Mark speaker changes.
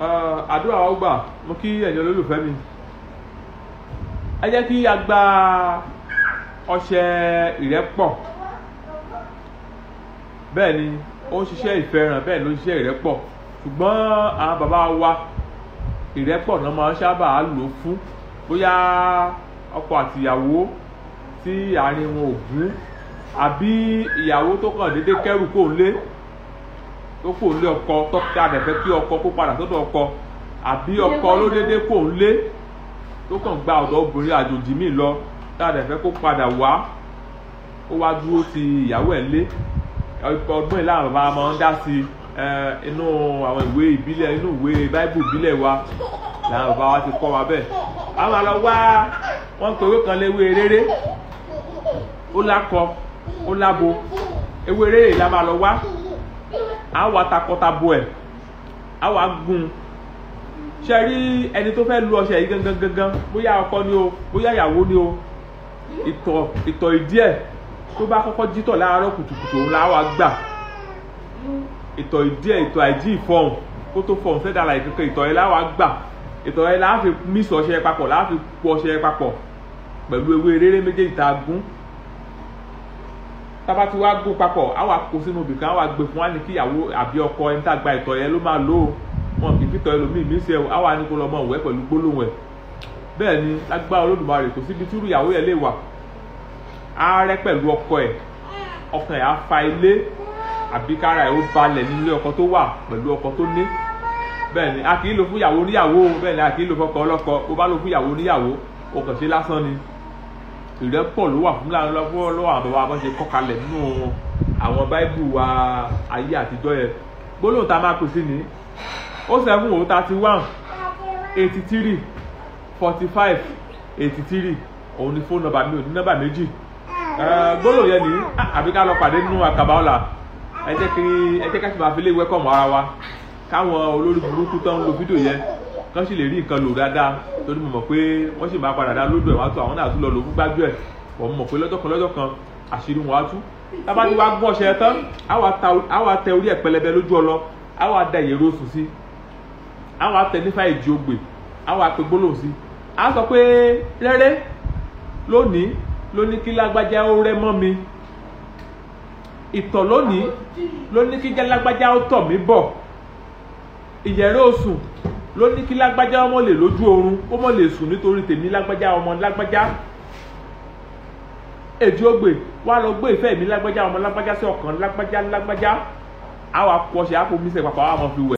Speaker 1: Ah, àdúrà wa gbà mo kí ẹ̀yin olólùfẹ́ mi ẹ jẹ́ kí a gba ọṣẹ ìrẹ́pọ̀ bẹ́ẹ̀ ni ó ń ṣiṣẹ́ ìfẹ́ràn bẹ́ẹ̀ ló ń ṣiṣẹ́ ìrẹ́pọ̀ ṣùgbọ́n àwọn bàbá wa ìrẹ́pọ̀ náà máa ń sábà lò fún bóyá ọkọ àtìyàwó tí àárín wọn ò gún àbí ìyàwó tó kàn déédéé kẹ́rù kò ń lé tó kò ń lé ọkọ tó padà fẹ́ kí ọkọ kó padà sọ́dọ̀ ọkọ àbí ọkọ ló déédéé kò ń lé tó kàn gba ọ̀dọ̀ obìnrin àjòjì míì lọ táàdà fẹ́ kó padà wá ó wá dúró ti ìyàwó ẹ̀ lé ọgbọ́n ìlànà bàbá máa ń dá sí inú àwọn ìwé ìbílẹ̀ inú ìwé báíbù ìbílẹ̀ wa làwọn bàbá wa ti kọ́ wa bẹ́ẹ̀ àwọn àlọ́ wá wọ́n ń pe ewé kan léwé rere ó lákọ ó lábo ewé rere la máa lọ wá á wà takọtabo ẹ̀ á wà gún ṣe rí ẹni tó fẹ́ lu ọṣẹ yìí gangan gangan bóyá ọkọ ni o bóyá ìyàwó ni o ìtọ̀ ìtọ̀ ìdí ẹ̀ tó bá kọ́kọ́ jítọ̀ láàárọ̀ kùtùkùtù òun làá wà gbà ìtọ̀ ìdí ẹ̀ ìtọ̀ àìjí ìfọ̀hún kó tó fọ̀hún fẹ́ dàlà ìkẹ́kẹ́ ìtọ̀ ẹ̀ làá wà gbà ìtọ̀ ẹ̀ làá fi mí sọ ọṣẹ papọ̀ làá fi pọ̀ ọṣẹ papọ̀ pẹ̀lú ewé eréré méjèèjì tá a gún tába ti wá gbó papọ̀ àwọn akó sínú ibì kan àwọn agbè fún wa ní kí ìyàwó àbí ọkọ ẹni tá a gba ìtọ̀ yẹn ló máa lò ó wọn kì í fi tọ́ ẹlòmíì mí sẹ́wọ̀ àwọn e, anìkó lọ́mọ òwe pẹ̀lú gbólóhùn ẹ̀ e. bẹ́ẹ̀ ni lágbára olódùmarè kò síbi túrú ìyàwó yẹn lè wà ààrẹ pẹ̀lú ọkọ ẹ̀ ọkàn ẹ̀ á fa ilé àbí kára ẹ̀ ó balẹ̀ nílé ọkọ tó wà pẹ̀lú ọkọ tó ní bẹ́ẹ̀ ni a kì í lò fún ìyàwó oníyàwó bẹ́ẹ̀ ni a kì í lò fọkọ ọlọ́kọ bó bá lò fún ìyàwó oníyàwó o kàn ṣe lásán ni ìrẹ́pọ̀ ló wà fún láàrin lọ́wọ́ lọ́wọ́ àwọn bàbá wọn ṣe kọ́ kalẹ̀ nínú àwọn báíbù wa ayé àtijọ́ yẹn gbólóhùn tá a máa pè sí ní o seven o oh thirty one eighty three forty five eighty three òun ni fóònù nọ́mbà mi ò ní nọ́mbà méjì gbólóhùn yẹn ní ah, àbí ká lọ pàdé nínú àkàbà ọ̀la ẹ jẹ́ kí ẹ jẹ́ ká sì máa fi lé wẹ́kọ̀mù ara wa káwọn olórí burúkú tó ń lo fídíò yẹn kán sì lè rí nǹkan lò dáadáa torí mo mọ̀ pé wọ́n sì máa padà dá lódò ẹ̀ wá tó àwọn náà tún lọ lò fún gbájú ẹ̀ wọ́n mọ̀ pé lọ́jọ́ kan lọ́jọ́ kan àṣírí wọn á tú tábà tí wàá gbọ́n ọṣẹ tán á wàá tẹ orí ẹ̀ pẹlẹbẹ lójú ọlọ á da ìyẹ̀rọ oṣù sí á wàá tẹ nífà ìjì ogbè á wàá pe gbólóhùn sí á sọ pé rẹ́rẹ́ lónìí lóní kí lágbájá ó rẹ́ mọ́ mi ìtọ̀ lónìí lóní kí lágbájá ó tọ̀ mí bọ̀ ìyẹ̀rọ oṣù ló ní kí lágbájá ọmọ lè lójú oorun ó mọ̀ lè sùn nítorí tèmi lágbájá ọmọ lágbájá èjì ó gbè wá lọ gbé ìfẹ́ mi lágbájá ọmọ lágbájá sí ọkàn lágbájá lágbájá àwọn akọ ọṣẹ àpò mi sẹ pàpà àwọn fi wẹ̀.